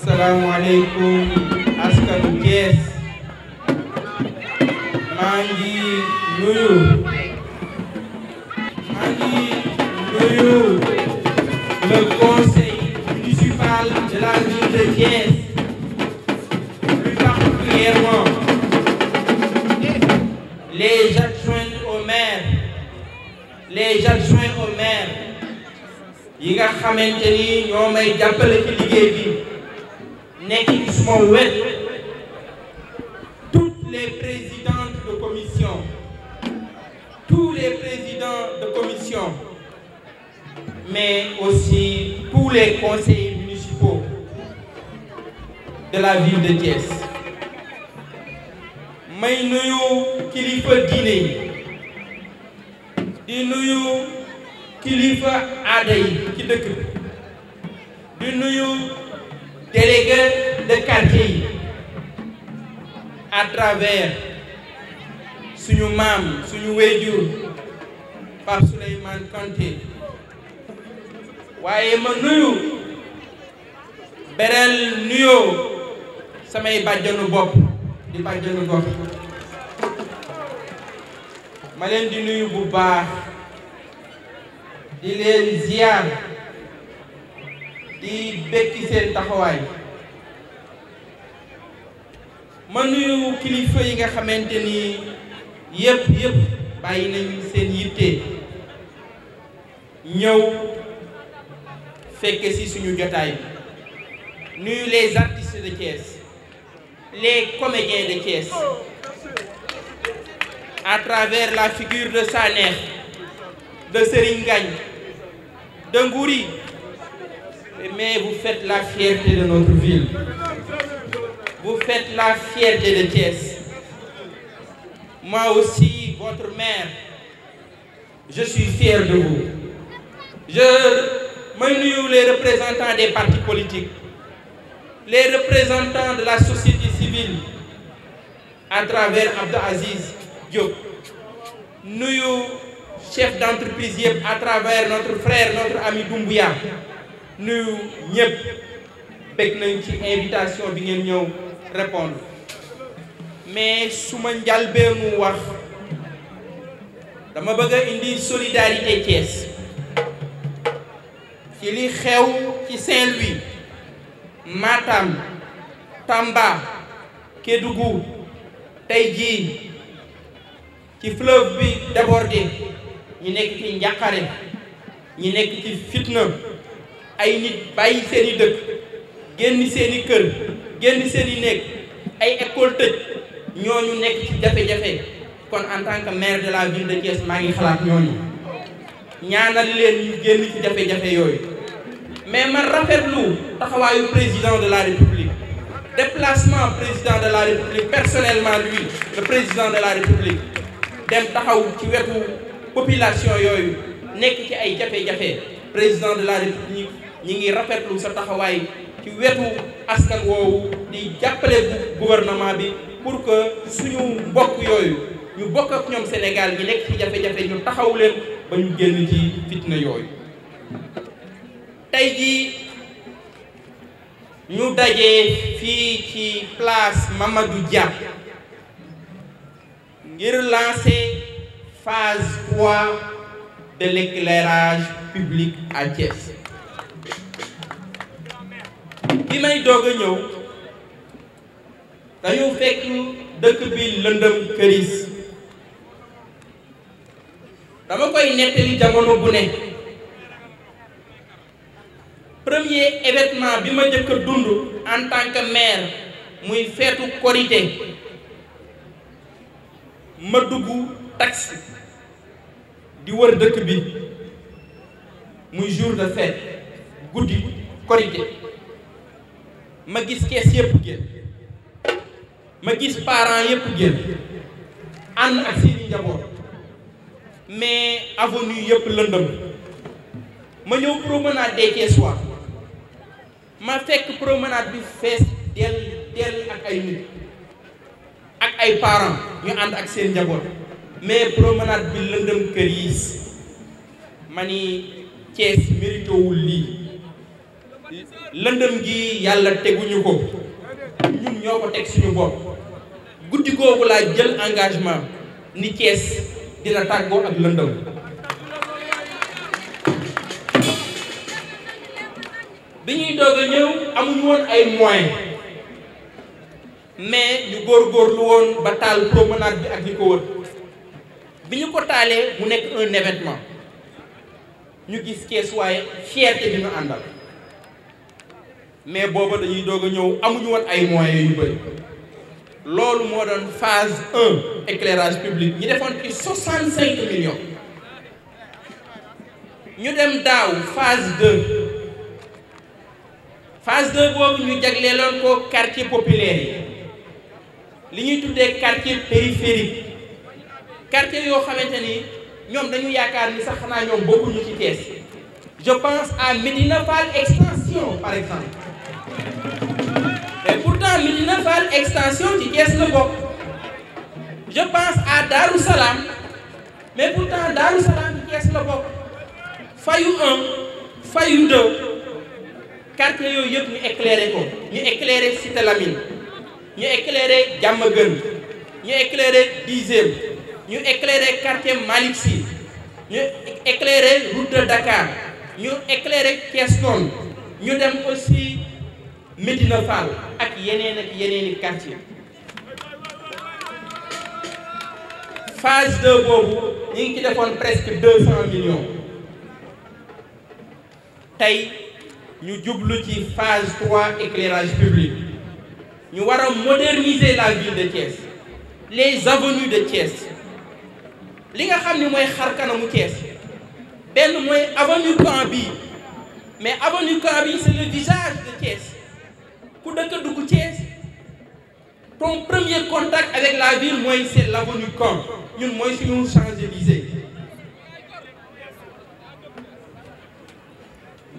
salaamaaleykum askanu Thiès maa ngi nuyu maa ngi municipal de la ville de Thiès plus particulièrement les adjoints au maire les yi nga xamante ni ñoo may jàppale ci bi nekk ci suma wet toutes les présidentes de commission tous les présidents de commission mais aussi tous les conseillers municipaux de la ville de Thiès may nuyu kilifa diine yi di nuyu kilifa aada yi ci dëkk bi di nuyu délégué chefs yi à travers suñu maam suñu wéyjur Pape Souleymane Kanté waaye ma nuyu berel nuyoo samay bàjjanu bopp di bàjjanu gox ma leen di nuyu bu baax di leen ziar di bekki seen taxawaay ma nuyu kilifa yi nga xamante ni yëpp yëpp bàyyi nañ seen yitte ñëw fekke ci suñu jotaay bi nuyu les artistes de Thiès les comédiens de Thiès à travers la figure de Sanex de Serigne Ngagne de Ngouri mais bu faites la fierté de notre ville vous faites la fierté de Thiès. Moi aussi, votre maire, je suis fier de vous. Je me les représentants des partis politiques, les représentants de la société civile à travers Abdou Aziz Diop. Nous, chefs d'entreprise, à travers notre frère, notre ami Doumbouya, nous, nous, nous, nous, nous, nous, nous, répondre mais su ma njalbeenu wax dama bëgg a indi solidarité Thiès ci li xew ci Saint-Louis Matam Tamba Kédougou tey jii ci fleuve bi débordé ñi nekk ci njàqare ñi nekk ci fitna ay nit bàyyi seeni dëkk génn seeni kër génn seen i néeg ay école tëj ñu nekk ci jafe-jafe kon en tant que maire de la ville de Thiès maa ngi xalaat ñooñu ñaanal leen ñu génn ci jafe-jafe yooyu mais man lu taxawaayu président de la république déplacement président de la république personnellement lui le président de la république dem taxaw ci wetu population yooyu nekk ci ay jafe-jafe président de la république ñi ngi rafetlu sa taxawaay ci wetu askan woowu di jàppale gouvernement bi pour que suñu mbokk yooyu ñu bokk ak ñoom Sénégal ñi nekk ci jafe-jafe ñu taxaw leen ba ñu génn ci fitna yooyu tey jii ñu daje fii ci place Mamadou Dia ngir lancer phase 3 de l'éclairage public à Thiès bi may doog a ñëw dañu fekk dëkk bi lëndëm këris dama koy nettali jamono bu ne premier événement bi ma njëkk dund en tant que maire muy feetu korité ma dugg taxi di wër dëkk bi muy jour de fête guddi korité ma gis kees yëpp génn ma gis parents yëpp génn ànd ak seeni njaboot mais avenue yëpp lëndëm ma ñëw promenade des Thiessois ma fekk promenade bi fees dell dell ak ay nit ak ay parents ñu ànd ak seen njaboot mais promenade bi lëndëm kër yi ma ni Thiès mérité lii lëndëm gi yàlla teguñu ko ñun ñoo ko teg suñu bopp guddi googu laa jël engagement ni Thiès dina tàggoo ak lëndëm bi ñuy doog ñëw amuñu woon ay moyens mais ñu góorgóorlu woon ba taal promenade bi ak li ko wër bi ñu ko taalee mu nekk un événement ñu gis kees waaye fierté bi ñu àndal mais booba dañuy doog a ñëw amuñu woon ay moyens yu bëri loolu moo doon phase un éclairage public ñi defoon ci soixante cinq millions ñu dem daaw phase deux phase deux boobu ñu jagleeloon ko quartier populaire yi li ñuy tuddee quartier périphérique quartier yoo xamante ni ñoom dañu yaakaar ni sax xanaa ñoom ñu ci Thiès je pense à Médina Fall extension par exemple pourtant Médina à Darou Salam mais pourtant Darou Salam la bokk fayu un fayu deux quartier yooyu yëpp ñu éclairé ko ñu éclairé Cité Lamine ñu éclairé Diamaguène ñu éclairé dixième ñu éclairé quartier Malick Sy ñu éclairé route Dakar ñu éclairé Thiès Nord ñu dem aussi Médina Fall ak yeneen ak yeneeni quartier phase 2 boobu ñu ngi ci defoon presque deux cent millions tey ñu jublu ci phase 3 éclairage public ñu war a moderniser la ville de Thiès les avenues de Thiès li nga xam ni mooy xar kanamu Thiès benn mooy avenue Camp bi mais avenue Camp bi c'est le visage de Thiès ku dëkk dugg Thiès ton premier contact avec la ville mooy c'est l'avenue Corbe ñun mooy suñu Champs-Élysées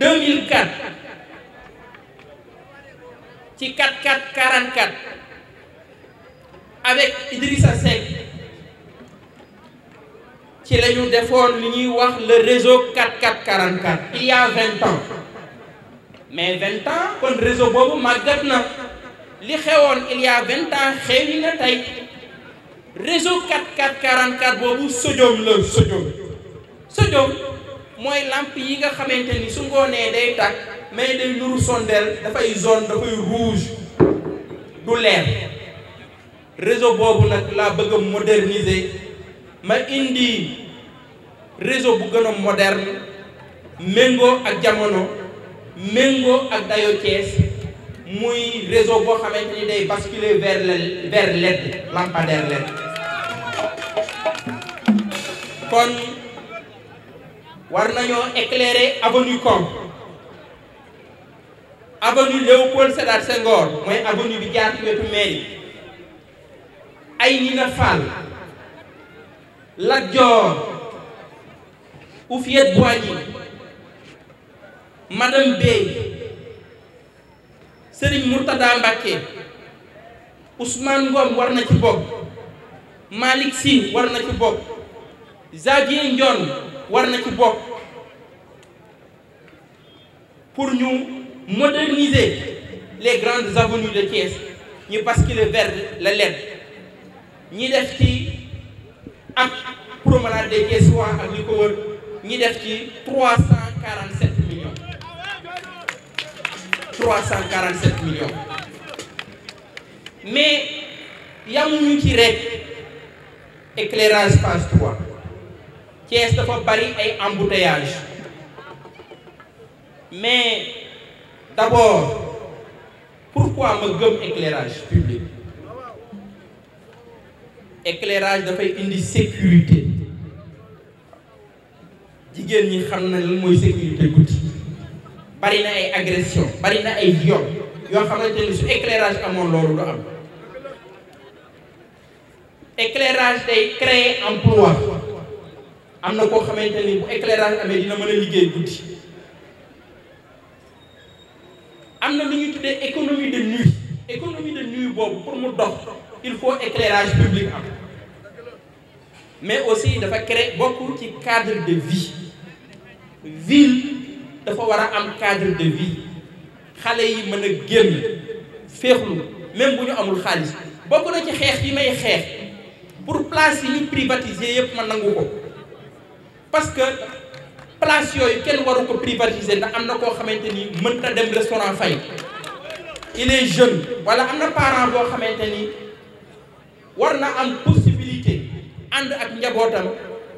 2004 ci 44 44 avec Idrissa Seck ci la defoon li ñuy wax le réseau 44 44 il y a ans mais vingt ans kon réseau boobu màggat na li xewoon il y a vingt ans xewi na tey réseau 4444 boobu sodium la sodium sodium mooy làmp yi nga xamante ni su ngoonee day tàkk mais day nuru sondeel dafay zone dafay rouge du leer réseau boobu nag laa bëgg a moderniser ma indi réseau bu gën a moderne méngoo ak jamono méngoo ak dayo Thiès muy réseau boo xamante ni day basculer vers le vers LED lampadaire kon war nañoo éclairer avenue Kom avenue Léopold Sédar Senghor mooy avenue bi jaar ci wetu mairie ay Nina Fall Lat Dior Houphouët-Boigny madame Bey mu Mourtada Mbacké Ousmane Ngom war na ci bokk Malick war na ci bokk Xavier Ndione war na ci bokk pour ñu moderniser les grandes avenues de Thiès ñu basculer vers la LED ñi def ci ak promenade des Thiessois ak li ko wër ñi def ci trois cent quarante 347 millions mais yamuñu ci rek éclairage phase 3 Thiès dafa bari ay embouteillage mais d'abord pourquoi ma gëm éclairage public éclairage dafay indi sécurité jigéen ñi xam na lan mooy sécurité guddi bari na ay agression bari na ay viol yoo xamante ni su éclairage amoon loolu du am éclairage day créer emploi am na koo xamante ni bu éclairage amee dina mën a liggéey guddi am na lu ñuy tuddee économie de nuit économie de nuit boobu pour mu dox il faut éclairage public am mais aussi dafa créer bokk ci cadre de vie ville dafa war a am cadre de vie xale yi mën a génn féexlu même bu ñu amul xaalis bokk na ci xeex bi may xeex pour place yi ñu privatiser yëpp ma nangu ko parce que place yooyu kenn waru ko privatiser ndax am na koo xamante ni mën na dem restaurant fay il est jeune wala am na parent boo xamante ni war na am possibilité ànd ak njabootam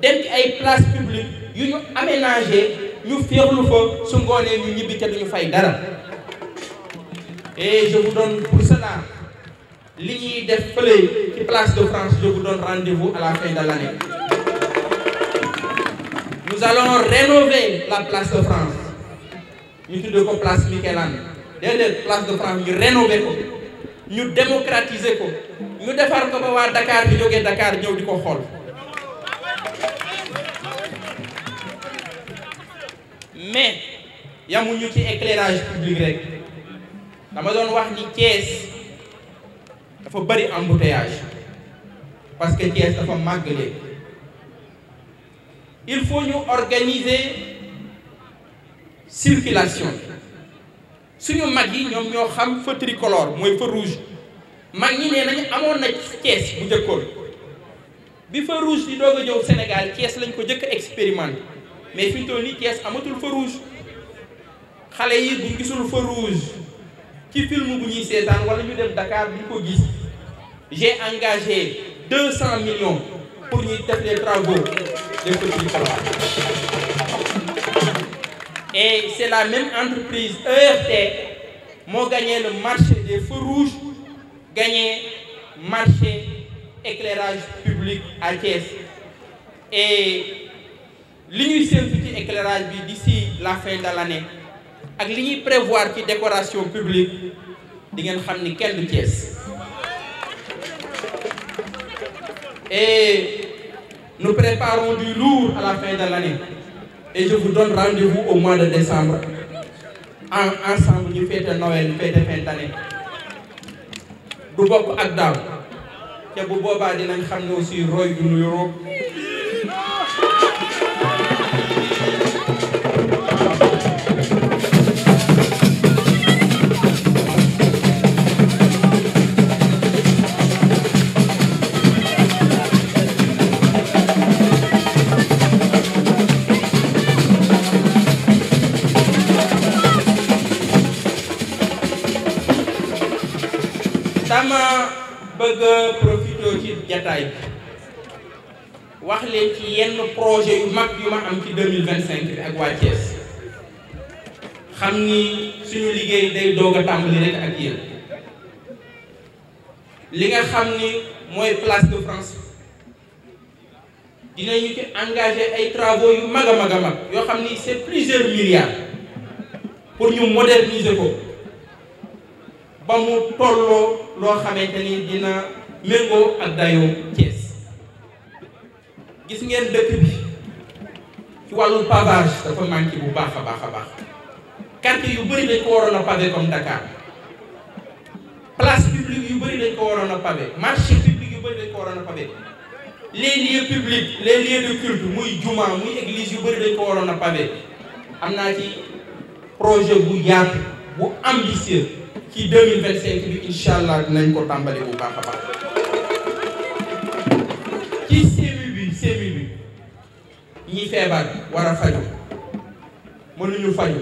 dem ci ay place publique yu ñu aménagé ñu féexlu fa su ngoonee ñu ñibbi ca duñu fay dara et je vous donne pour cela li ñuy def fële ci place de France je vous donne rendez-vous à la fin de l'année nous allons rénover la place de France ñu tuddee ko place Michel-Anne déedéet place de France ñu rénover ko ñu démocratiser ko ñu defar ko ba waa Dakar bi jógee Dakar ñëw di ko xool mais yamuñu ci éclairage public rek dama doon wax ni Thiès dafa bëri embouteillage parce que Thiès dafa màgg léegi il faut ñu organiser circulation suñu mag yi ñoom ñoo xam feu tricolore mooy feu rouge mag ñi nee nañu amoon na Thiès mu njëkkoon bi feu rouge di doog a ñëw Sénégal Thiès lañ ko jëkk expériment expérimenté mais fi ñu toll amatul feu rouge xale yi bu gisul feu rouge ci film bu ñuy seetaan wala ñu dem Dakar duñ ko gis j'ai engagé deux pour ñuy def les travaux de petit Colobane et c'est la même entreprise ERT moo gagné le marché des feux rouges gagné marché éclairage public à Thiès et li ñuy séntu ci éclairage bi d'ici la fin de ak li ñuy prévoir ci décoration publique di ngeen xam ni kenn du Thiès et nous préparons du lourd à la fin de l'année et je vous au mois de décembre en ensemble ñu fête Noël fête fin d'année du bokk ak daaw te bu boobaa dinañ xam ne aussi roy du nuyoo jataay bi wax leen ci yenn projet yu mag yu ma am ci 2025 bi ak waa Thiès xam ni suñu liggéey day doog a tàmbali ak yéen li nga xam ni mooy place de France dinañu ci engagé ay travaux yu mag a mag a mag yoo xam ni c'est plusieurs milliards pour ñu moderniser ko ba mu tolloo loo xamante ni dina méngoo ak dayoo Thiès gis ngeen dëkk bi ci wàllum pavage dafa manqué bu baax a baax a baax quartier yu bëri dañ ko waroon a ko comme Dakar place publique yu bëri dañ ko waroon a pavé marché public yu bëri dañ ko waroon a pavé les lieux publics les lieux de muy juma muy église yu bëri dañ ko waroon na pavé am naa ci projet bu yaatu bu ambitieux ci 2025 bi incha allah dinañ ko tàmbali bu baax a baax ci cellule bi cellule bi ñuy feebar war a faju mënuñu faju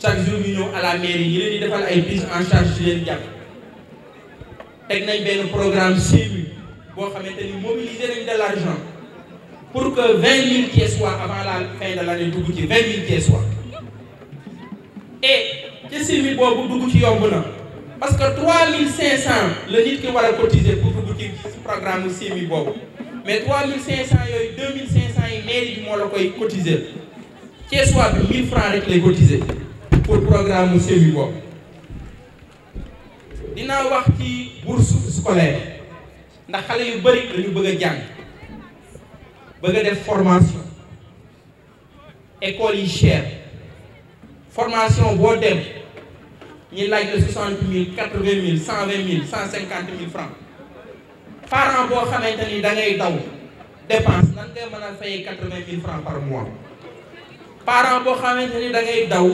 chaque jour ñu ñëw à la mairie ñi leen di defal ay prise en charge ci jàpp teg nañ benn programme cellule boo xamante ni mobiliser nañ de l'argent pour que vingt mille Thiessois avant la fin de l'année dugg ci vingt mille Thiessois et ci cellule boobu dugg ci yomb na parce que trois mille cinq cent la nit ki war a cotiser pour dugg ci programme mu boobu mais 3500 yooyu 2500 yi mairie bi moo la koy cotiser Thiessois bi 1000 francs rek lay cotiser pour programme mu sémi bopp dinaa wax ci bourse scolaire ndax xale yu bëri dañu bëgg a jàng bëgg a def formation école yi cher formation boo dem ñu laaj la soixante mille quatre vingt mille cent vingt mille cent cinquante mil francs parent boo xamante ni da ngay daw dépense nan ngay mën a fay quatre-vingt mille francs par mois parent boo xamante ni da ngay daw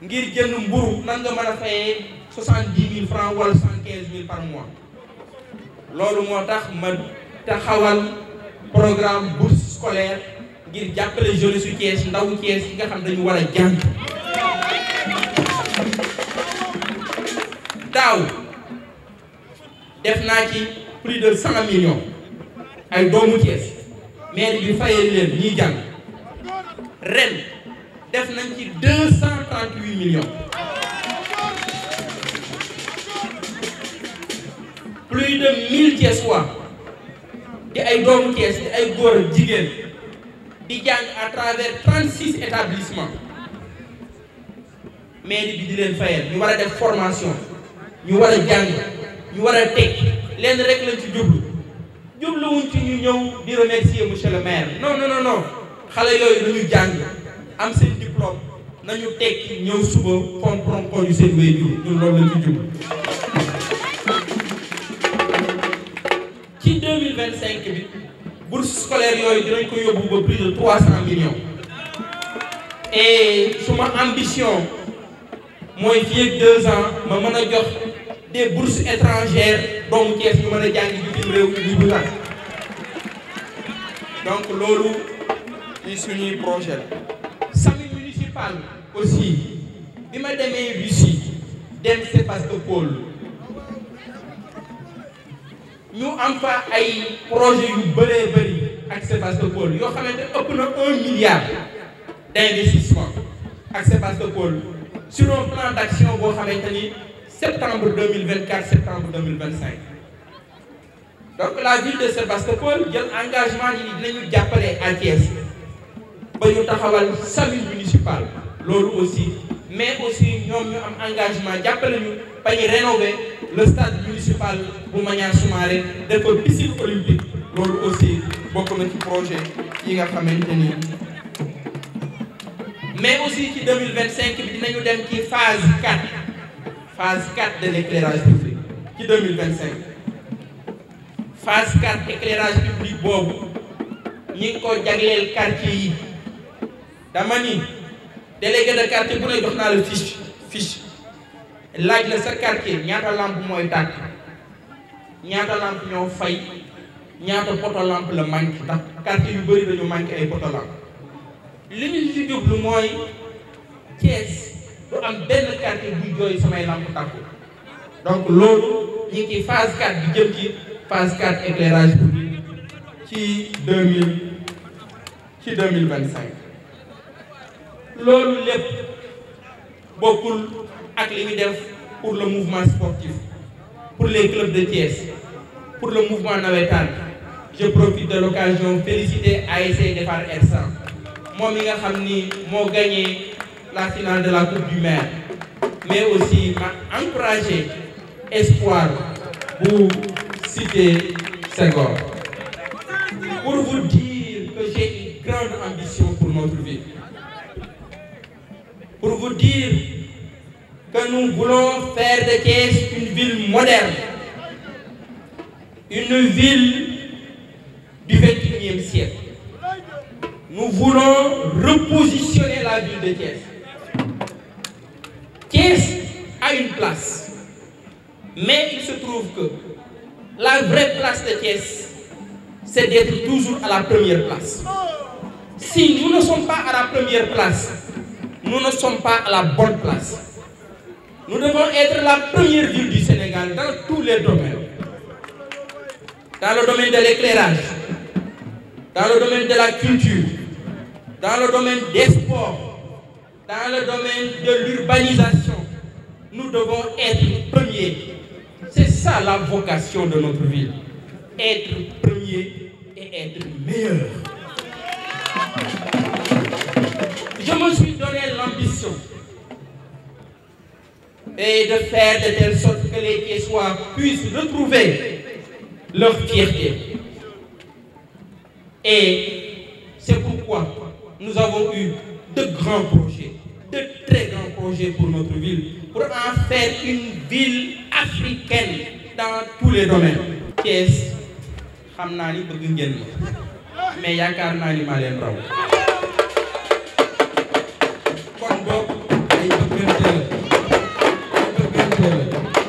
ngir jënd mburu nan nga mën a fayee soixante-dix mille francs wala par mois loolu moo tax ma taxawal programme bourse scolaire ngir jàppale jeunesse su Thiès ndaw Thiès yi nga xam dañu war a jàng daaw def naa ci plus de cent millions ay doomu Thiès mairie bi fayee leen ñiy jàng ren def nañ ci deux cent trente huit plus de mille Thiessois di ay doomu Thiès di ay góor jigéen di jàng à travers trente six établissements mairie bi di leen fayal ñu war a def formation ñu war a jàng yu war a teg lenn rek lañ ci jublu jubluwuñ ci ñu ñëw di remercier monsieur le maire non non non non xale yooyu nañu jàng am seen diplôme nañu tekki ñëw suba comprendre ko ñu seen wéy jur ñun loolu lañ ci jublu ci cinq bi bourse scolaire yooyu dinañ ko yóbbu ba plus de trois cent millions et suma ambition mooy fii ak deux ma mën a jox des bourses étrangères doomu Thiès ñu mën a jàngi bitim réew ñu bu nag donc loolu ci suñuy projet la salle municipale aussi bi ma demee Russie dem Sébastopol ñu am fa ay projet yu bëree bëri ak Sébastopol yoo xamante ëpp na un milliard d'investissement ak Sébastopol sur un plan d'action boo xamante ni septembre 2024 septembre 2025 donc la ville de Sébastopol jël engagement yi dinañu jàppale à Thiès ba ñu taxawal SAMU municipal loolu aussi mais aussi ñoom ñu am engagement jàppale ñu ba ñu le stade municipal bu Maniang Soumaré def ko piscine olympique loolu aussi bokk na ci projet yi nga xamante ni mais aussi ci 2025 bi dinañu dem ci phase 4. phase 4 de l'éclairage public ci 2025 phase 4 éclairage public boobu ñi ngi ko jagleel quartier yi dama ni délégué de quartier bu ne jox naa la fiche fiche laaj la sa quartier ñaata lampe mooy tàkk ñaata lampe ñoo fay ñaata poto lampe la manqué ndax quartier yu bëri dañu manqué ay poto lampe li ñu ci jublu mooy Thiès du am benn quartier buy jooy samay lamp tàkku donc loolu ñu ngi ci phase 4 bi jëm ci phase 4 éclairage ci deux mille ci deux mille vingt cinq loolu lépp bokkul ak li ñu def pour le mouvement sportif pour les clubs de Thiès pour le mouvement nawetaan je profite de l'occasion féliciter ASC Defar R100 moom mi nga xam ni moo gagné. la finale de la Coupe du Maire mais aussi ma encouragé espoir bu cité Senghor pour vous dire que j'ai une grande ambition pour notre ville pour vous dire que nous voulons faire de Thiès une ville moderne une ville du XXIe siècle nous voulons repositionner la ville de Thiès Thiès a une place mais il se trouve que la vraie place de Thiès c'est d'être toujours à la première place si nous ne sommes pas à la première place nous ne sommes pas à la bonne place nous devons être la première ville du Sénégal dans tous les domaines dans le domaine de l'éclairage dans le domaine de la culture dans le domaine des dans le domaine de l'urbanisation nous devons être premiers. C'est ça la vocation de notre ville. Être premier et être meilleur. Je me suis donné l'ambition et de faire de telle sorte que les Thiessois puissent retrouver leur fierté. Et c'est pourquoi nous avons eu de grands projets, de très grands projets pour notre ville pour en faire une ville africaine dans tous les domaines. xam naa ni bëgg ngeen ma mais yaakaar naa ni maa leen raw kon boog ay bëggante la ay bëggante la.